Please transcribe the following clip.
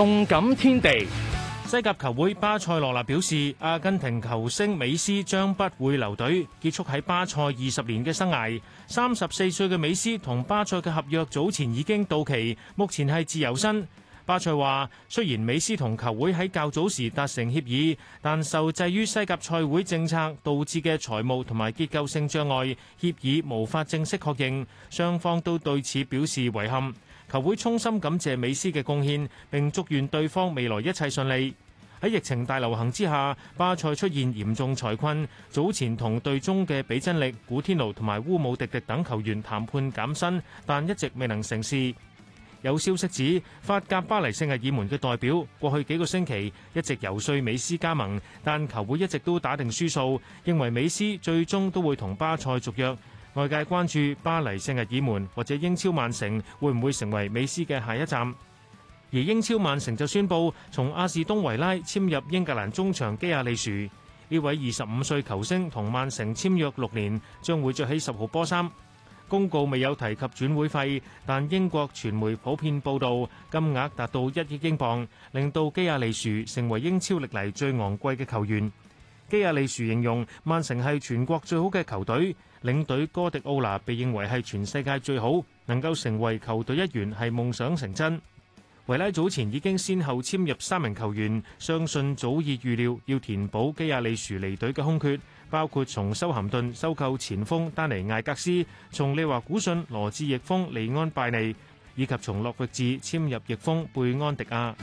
動感天地，西甲球會巴塞羅那表示，阿根廷球星美斯將不會留隊，結束喺巴塞二十年嘅生涯。三十四歲嘅美斯同巴塞嘅合約早前已經到期，目前係自由身。巴塞話，雖然美斯同球會喺較早時達成協議，但受制於西甲賽會政策導致嘅財務同埋結構性障礙，協議無法正式確認。雙方都對此表示遺憾。球會衷心感謝美斯嘅貢獻，並祝願對方未來一切順利。喺疫情大流行之下，巴塞出現嚴重財困，早前同隊中嘅比真力、古天奴同埋烏姆迪迪等球員談判減薪，但一直未能成事。有消息指法甲巴黎聖日耳門嘅代表，過去幾個星期一直遊說美斯加盟，但球會一直都打定輸數，認為美斯最終都會同巴塞續約。外界關注巴黎聖日耳門或者英超曼城會唔會成為美斯嘅下一站？而英超曼城就宣布從阿士東維拉簽入英格蘭中場基亞利殊，呢位二十五歲球星同曼城簽約六年，將會着起十號波衫。公告未有提及轉會費，但英國傳媒普遍報道金額達到一億英鎊，令到基亞利殊成為英超歷嚟最昂貴嘅球員。基亞利殊形容曼城係全國最好嘅球隊，領隊哥迪奧拿被認為係全世界最好，能夠成為球隊一員係夢想成真。維拉早前已經先後簽入三名球員，相信早已預料要填補基亞利殊離隊嘅空缺，包括從修咸頓收購前鋒丹尼艾格斯，從利華古遜羅志翼鋒利安拜尼，以及從諾域治簽入翼鋒貝安迪亞。